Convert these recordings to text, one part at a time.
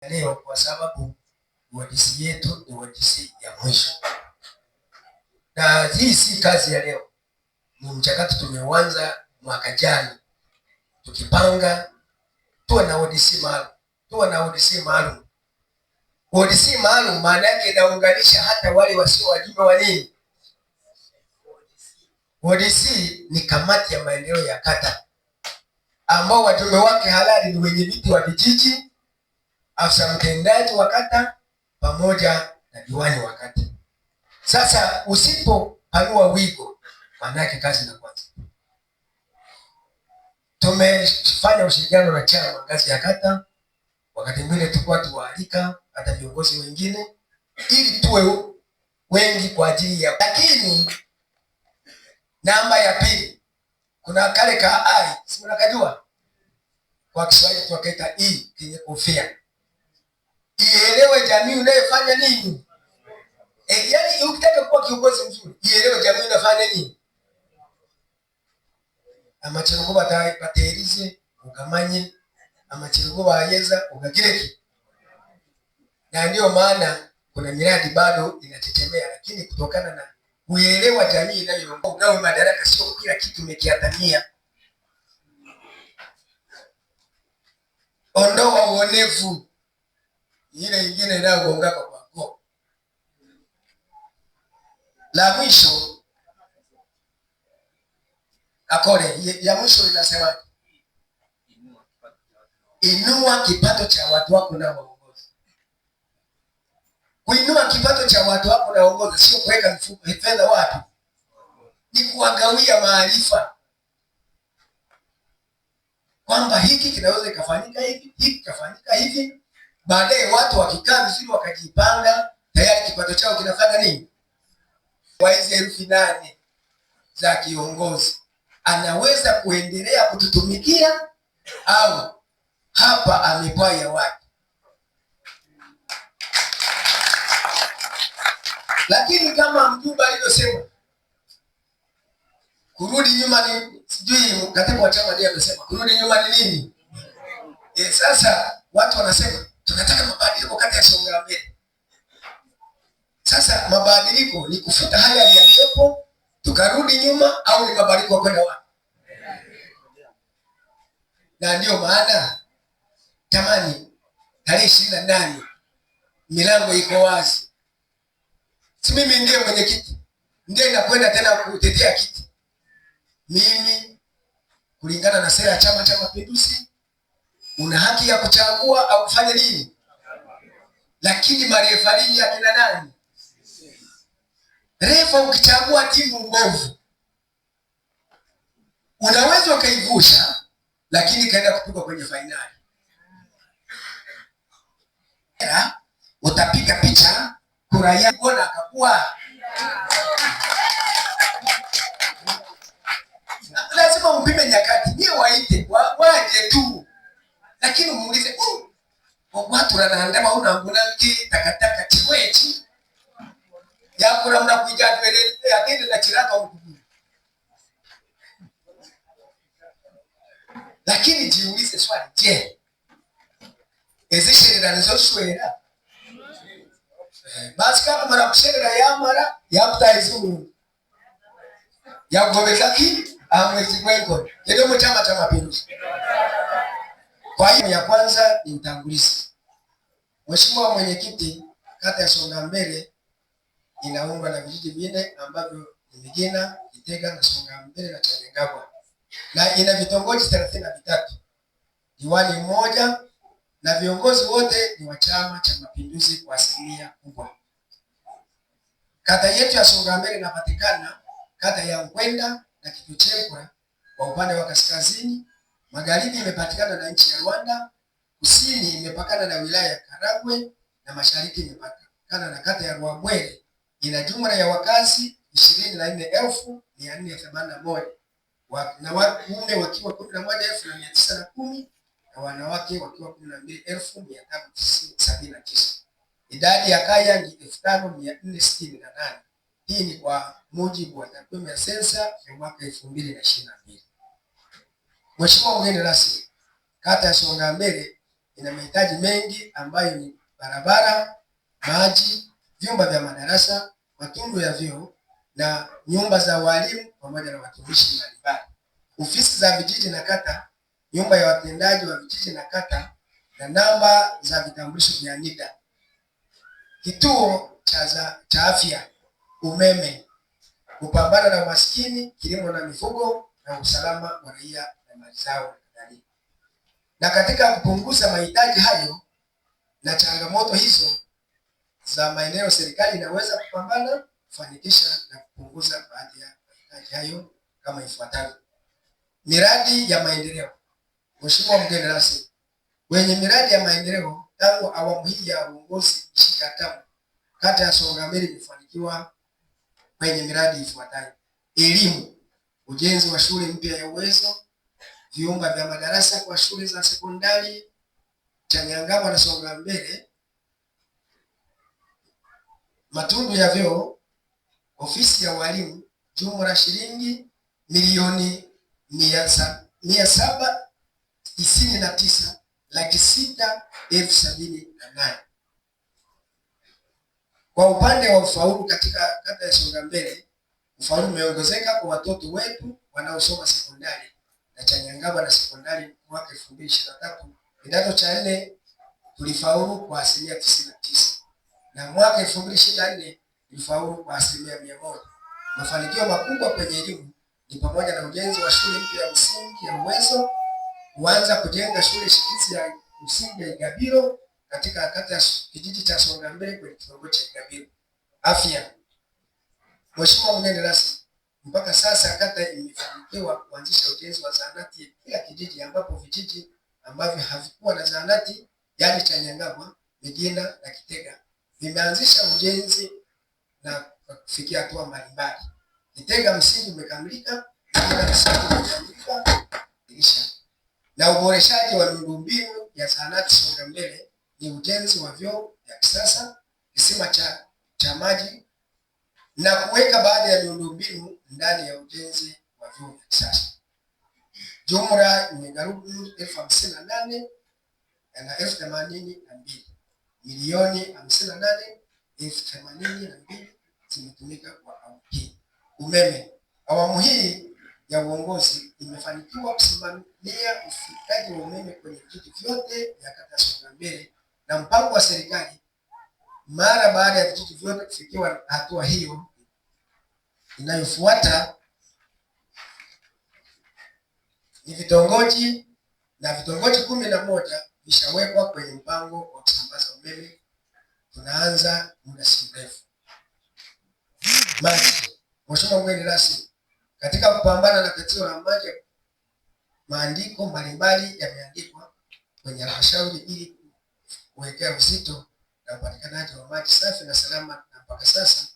leo kwa sababu uhandisi yetu ni uhandisi ya mwisho, na hii si kazi ya leo, ni mchakato tumeuanza mwaka jana, tukipanga tuwe na uhandisi maalum, tuwe na uhandisi maalum. Uhandisi maalum maana yake inaunganisha hata wale wasio wajumbe wa nini. Uhandisi ni kamati ya maendeleo ya kata ambao wajumbe wake halali ni wenye viti wa vijiji afisa mtendaji wa kata pamoja na diwani wa kata. Sasa usipopanua wigo, maana yake kazi na kwanza. Tumefanya ushirikiano na chama ngazi ya kata, wakati mwingine tulikuwa tuwaalika hata viongozi wengine ili tuwe wengi kwa ajili ya. Lakini namba ya pili, kuna kale ka ai, si mnakajua kwa Kiswahili tukaita i e, kenye kofia ielewe jamii unayofanya nini. E, yani ukitaka kuwa kiongozi mzuri, ielewe jamii unafanya nini. amachengo baterize ugamanye amachirugo bayeza ugagireki. Na ndio maana kuna miradi bado inatetemea, lakini kutokana na uelewa jamii inayoongoza nao madaraka, sio kila kitu umekiatamia. Ondoa uonevu ile ingine inayogongaka kwa koo. La mwisho akole ya mwisho inasema inua kipato cha watu wako na waongoza. Kuinua kipato cha watu wako na waongoza sio kuweka mfuko eh, fedha watu, ni kuwagawia maarifa kwamba hiki kinaweza ikafanyika hivi, hiki kafanyika hivi Baadaye watu wakikaa vizuri wakajipanga, tayari kipato chao kinafanya nini? Kwa hizi elfu nane za kiongozi, anaweza kuendelea kututumikia au hapa amepaya watu. Lakini kama mjumba alivyosema, kurudi nyuma ni sijui, katibu wa chama ndiye amesema kurudi nyuma ni nini? E, sasa watu wanasema tunataka mabadiliko kati ya Songea-Mbele. Sasa mabadiliko ni kufuta hali yaliyopo tukarudi nyuma, au ni mabadiliko kwenda wapi? Na ndiyo maana tamani tarehe ishirini na nane milango iko wazi, si mimi ndiye mwenyekiti, ndiye nakwenda tena kutetea kiti mimi kulingana na sera ya Chama cha Mapinduzi una haki ya kuchagua au kufanya nini, lakini marefarii akina nani? Refa ukichagua timu mbovu unaweza ukaivusha, lakini kaenda kupigwa kwenye fainali. Utapiga picha kura yako akakua lazima umpime nyakati, nie waite waje tu lakini umuulize uh, ogwatura nandaba unanguna ki takataka chiwechi yakura mna kuija twele yakende na chiraka ukuguru lakini jiulize swali je ezisherera nizo swera basi kama mara kusherera yamara yakuta izuru yakugobeza ki amwe chimwengo yedo mu chama cha mapinduzi kwa hiyo ya kwanza ni mtangulizi Mheshimiwa mwenyekiti, kata ya songa mbele inaungwa na vijiji vinne ambavyo ni Migina, Itega na Mbele na Chalengabwa na ina vitongoji thelathini na vitatu, diwani mmoja na viongozi wote ni wa Chama cha Mapinduzi kwa asilimia kubwa. Kata yetu ya songa mbele inapatikana kata ya Nkwenda na Kituchekwa kwa upande wa kaskazini Magharibi imepatikana na nchi ya Rwanda, kusini imepakana na wilaya ya Karagwe na mashariki imepakana na kata ya Rwabwere. Ina jumla ya wakazi ishirini na nne elfu mia nne themanini na moja na wanaume wakiwa kumi na moja elfu na mia tisa na kumi na wanawake wakiwa kumi na mbili elfu mia tano sabini na tisa. Idadi ya kaya ni elfu tano mia nne sitini na nane. Hii ni kwa mujibu wa takwimu ya sensa ya mwaka elfu mbili na ishirini na mbili. Mheshimiwa mgeni rasmi, kata ya mbele ina mahitaji mengi ambayo ni barabara, maji, vyumba vya madarasa, matundu ya vyoo na nyumba za walimu pamoja na watumishi mbalimbali, ofisi za vijiji na kata, nyumba ya watendaji wa vijiji na kata na namba za vitambulisho vya NIDA, kituo cha cha afya, umeme, kupambana na umaskini, kilimo na mifugo na usalama wa raia mazao na kadhalika. Na katika kupunguza mahitaji hayo na changamoto hizo za maeneo, serikali inaweza kupambana kufanikisha na kupunguza baadhi ya mahitaji hayo kama ifuatavyo: miradi ya maendeleo. Mheshimiwa mgeni rasmi, wenye miradi ya maendeleo tangu awamu hii ya uongozi ishirini na kata ya Songambele imefanikiwa kwenye miradi ifuatayo: elimu, ujenzi wa shule mpya ya Uwezo vyumba vya madarasa kwa shule za sekondari na songa mbele, matundu ya vyoo, ofisi ya walimu, jumla shilingi milioni mia, mia saba tisini na tisa laki sita elfu sabini na nane. Kwa upande wa ufaulu katika kata ya Songa Mbele, ufaulu umeongezeka kwa watoto wetu wanaosoma sekondari na cha Nyangaba na sekondari mwaka elfu mbili ishirini na tatu. Kidato cha nne tulifaulu kwa asilimia tisini na tisa na mwaka elfu mbili ishirini na nne tulifaulu kwa asilimia mia moja. Mafanikio makubwa kwenye elimu ni pamoja na ujenzi wa shule mpya ya msingi ya Uwezo, kuanza kujenga shule shikizi ya msingi ya Igabiro katika kata ya kijiji cha Songa Mbele kwenye kitongoji cha Igabiro. Afya. Mheshimiwa mgeni rasmi mpaka sasa kata imefanikiwa kuanzisha ujenzi wa zahanati kila kijiji, ambapo vijiji ambavyo havikuwa na zahanati yaani Chanyangabwa, Migina na Kitega vimeanzisha ujenzi na kufikia hatua mbalimbali. Kitega msingi umekamilika, Migina na uboreshaji wa miundombinu ya zahanati Songa Mbele ni ujenzi wa vyoo vya kisasa, kisima cha, cha maji na kuweka baadhi ya miundombinu ndani ya ujenzi wa vyuo vya kisasa. Jumla ni garubu elfu hamsini na nane na elfu themanini na mbili milioni hamsini na nane elfu themanini na mbili zimetumika kwa awamu hii. Umeme, awamu hii ya uongozi imefanikiwa kusimamia ufikaji wa umeme kwenye vijiji vyote vya kata Mbele na mpango wa serikali mara baada ya vijiji vyote kufikiwa hatua hiyo Inayofuata ni vitongoji na vitongoji kumi na moja vishawekwa kwenye mpango wa kusambaza umeme, tunaanza muda si mrefu. Mheshimiwa mgeni rasmi, katika kupambana na tatizo la maji, maandiko mbalimbali yameandikwa kwenye halmashauri ili kuwekea uzito na upatikanaji wa maji safi na salama, na mpaka sasa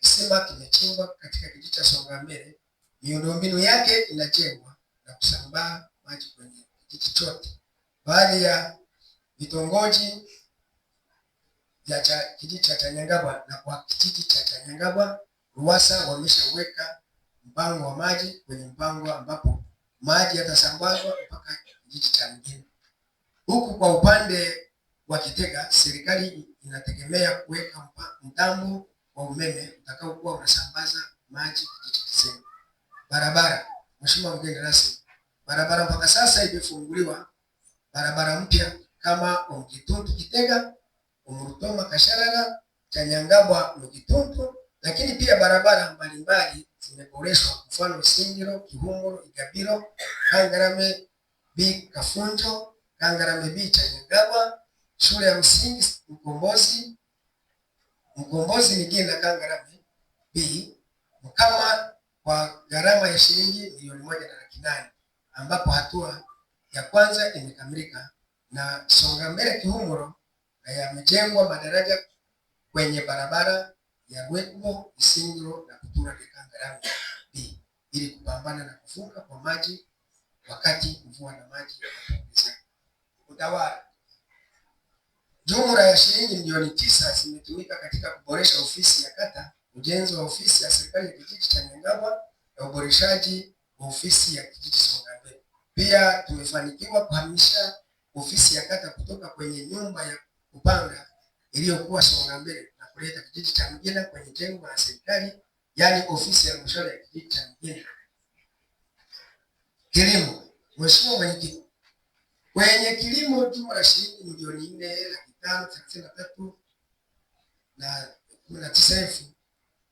kisima kimechimbwa katika kijiji cha Songambele, miundombinu yake inajengwa na kusambaa maji kwenye kijiji chote. Baadhi ya vitongoji vya kijiji cha Chanyangabwa na kwa kijiji cha Chanyangabwa, RUWASA wameshaweka mpango wa maji kwenye mpango ambapo maji yatasambazwa mpaka kijiji cha mjini. Huku kwa upande wa Kitega, serikali inategemea kuweka mtambo wa umeme utakaokuwa unasambaza maji kizima. Barabara, Mheshimiwa mgeni rasmi, barabara mpaka sasa imefunguliwa barabara mpya kama Omukituntu Kitega, Omurutoma Kasharara, Chanyangabwa Mukituntu, lakini pia barabara mbalimbali zimeboreshwa, mfano Singiro, Kihumuro, Igabiro, Kangarame B, Kafunjo, Kangarame B, Chanyangabwa, shule ya msingi Mkombozi Mkombozi ni jina Kangaravi B Mkama kwa gharama ya shilingi milioni moja na laki nane ambapo hatua ya kwanza imekamilika na Songa Mbele Kihumuro na yamejengwa madaraja kwenye barabara ya Rweguo Isingiro na Kutura Kangaravi B ili kupambana na kufunga kwa maji wakati mvua na maji utawala Jumla ya shilingi milioni tisa zimetumika katika kuboresha ofisi ya kata, ujenzi wa ofisi ya serikali ya kijiji cha Nyangamwa na uboreshaji wa ofisi ya kijiji Songambele. Pia tumefanikiwa kuhamisha ofisi ya kata kutoka kwenye nyumba ya kupanga iliyokuwa Songambele na kuleta kijiji cha Mgena kwenye jengo la serikali, yaani ofisi ya mshauri ya kijiji cha Mgena. Kilimo. Mheshimiwa Mwenyekiti, kwenye kilimo jumla ya shilingi milioni nne tano thelathini na tatu na kumi na tisa elfu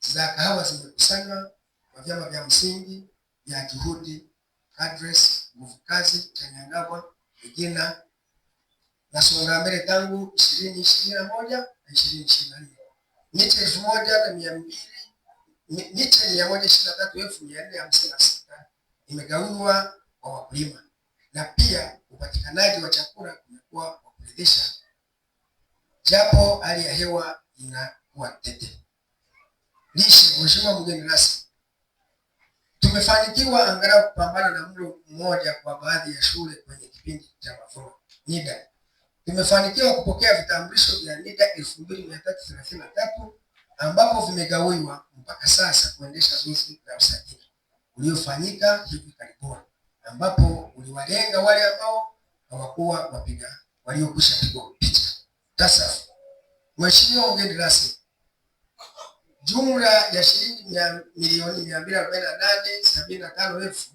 za kahawa zimekusanywa kwa vyama vya msingi vya Juhudi, Kadres, Nguvu Kazi, Chanyangabwa, Igina na mbele tangu ishirini ishirini na moja na ishirini ishirini na nne miche elfu moja na mia mbili miche mia moja ishirini na tatu elfu mia nne hamsini na sita imegawiwa kwa wakulima na pia upatikanaji wa chakula umekuwa wa kuridhisha japo hali ya hewa inakuwa tete. Lishe, mheshimiwa mgeni rasmi, tumefanikiwa angalau kupambana na mlo mmoja kwa baadhi ya shule kwenye kipindi cha mafunzo NIDA. Tumefanikiwa kupokea vitambulisho vya NIDA elfu mbili mia tatu thelathini na tatu ambapo vimegawiwa mpaka sasa kuendesha zoezi la usajili uliofanyika hivi karibuni, ambapo uliwalenga wale ambao hawakuwa wapiga waliokwisha pigwa picha. Sasa Mheshimiwa mgeni rasmi, jumla ya shilingi milioni mia mbili arobaini na nane sabini na tano elfu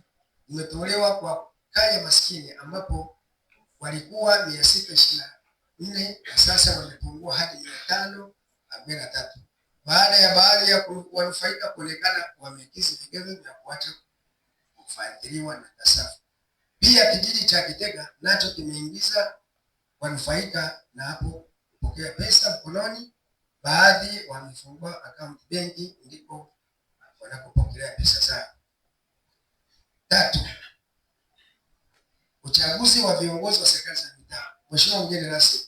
imetolewa kwa kaya maskini ambapo walikuwa mia sita ishirini na nne na sasa wamepungua hadi mia tano arobaini na tatu baada ya baadhi ya wanufaika kuonekana wamekizi vigezo vya kuacha kufadhiliwa na TASAFU. Pia kijiji cha Kitega nacho kimeingiza wanufaika na hapo kupokea pesa mkononi. Baadhi wamefungua akaunti benki, ndipo wanapopokelea pesa zao. Tatu, uchaguzi wa viongozi wa serikali za mitaa. Mheshimiwa mgeni rasmi,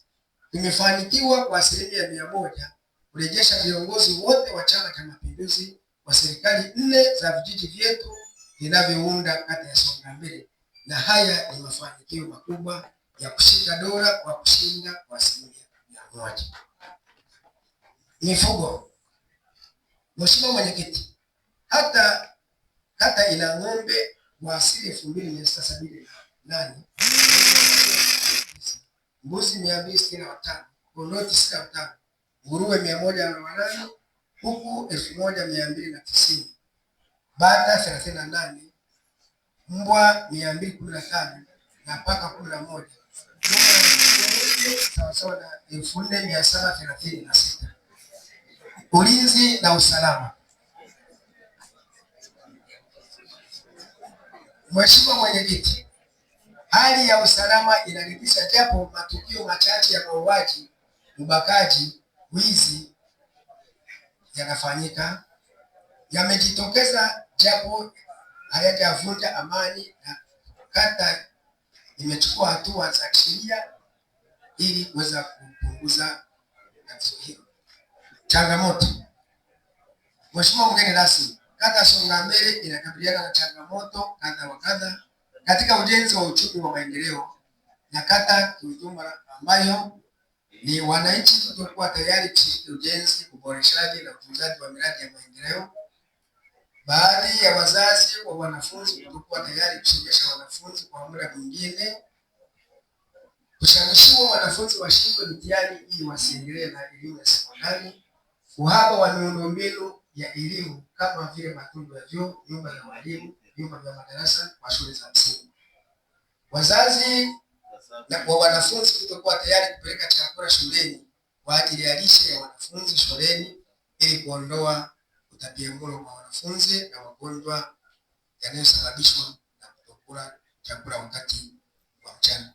tumefanikiwa kwa asilimia mia moja kurejesha viongozi wote wa Chama cha Mapinduzi wa serikali nne za vijiji vyetu vinavyounda kata ya Songambele, na haya ni mafanikio makubwa ya kushika dola kwa kushinda kwa asilimia mwache Mifugo, Mheshimiwa Mwenyekiti, hata hata ina ng'ombe wa asili elfu mbili mia sita sabini na nane mbuzi mia mbili sitini na watano kondoo tisini na watano nguruwe mia moja na wanane huku elfu moja mia mbili na tisini bata thelathini na nane mbwa mia mbili kumi na tano na paka kumi na moja sawasawa na elfu nne mia saba thelathini na sita. Ulinzi na usalama. Mheshimiwa Mwenyekiti, hali ya usalama inaridhisha, japo matukio machache ya mauaji, ubakaji, wizi yanafanyika yamejitokeza, japo hayajavunja amani na kata imechukua hatua za kisheria ili kuweza kupunguza tatizo hilo. Changamoto. Mheshimiwa mgeni rasmi, kata mbele inakabiliana na changamoto kadha wa kadha katika ujenzi wa uchumi wa maendeleo na kata kiujumla, ambayo ni wananchi kutokuwa tayari kushiriki ujenzi, uboreshaji na utunzaji wa miradi ya maendeleo Baadhi ya wazazi wa wanafunzi walikuwa tayari kusomesha wanafunzi kwa muda mwingine, kushawishiwa wanafunzi washindwe mtihani ili wasiendelee na elimu ya sekondari, uhaba wa miundombinu ya elimu kama vile matundu ya vyoo, nyumba za walimu, vyumba vya madarasa kwa shule za msingi. Wazazi na kwa wanafunzi kutokuwa tayari kupeleka chakula shuleni kwa ajili ya lishe ya wanafunzi shuleni ili kuondoa utapiamlo kwa wanafunzi na magonjwa yanayosababishwa na kutokula chakula wakati wa mchana.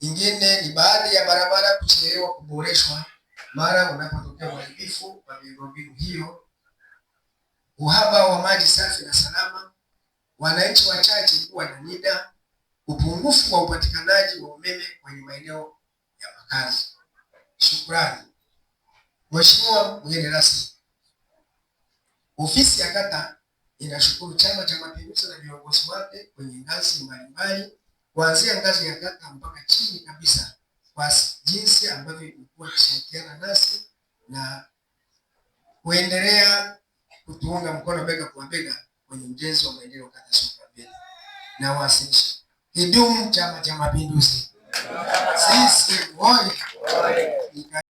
Nyingine ni baadhi ya barabara kuchelewa kuboreshwa mara unapotokea uharibifu wa miundombinu hiyo, uhaba wa maji safi na salama, wananchi wachache kuwa na NIDA, upungufu wa upatikanaji wa umeme kwenye maeneo ya makazi. Shukrani Mheshimiwa mgeni rasmi. Ofisi ya kata inashukuru Chama cha Mapinduzi na viongozi wake kwenye ngazi mbalimbali kuanzia ngazi ya kata mpaka chini kabisa kwa jinsi ambavyo imekuwa kushirikiana nasi na kuendelea kutuunga mkono bega kwa bega kwenye ujenzi wa maendeleo kata Songea. Na wasilisha kidumu Chama cha Mapinduzi sisi wote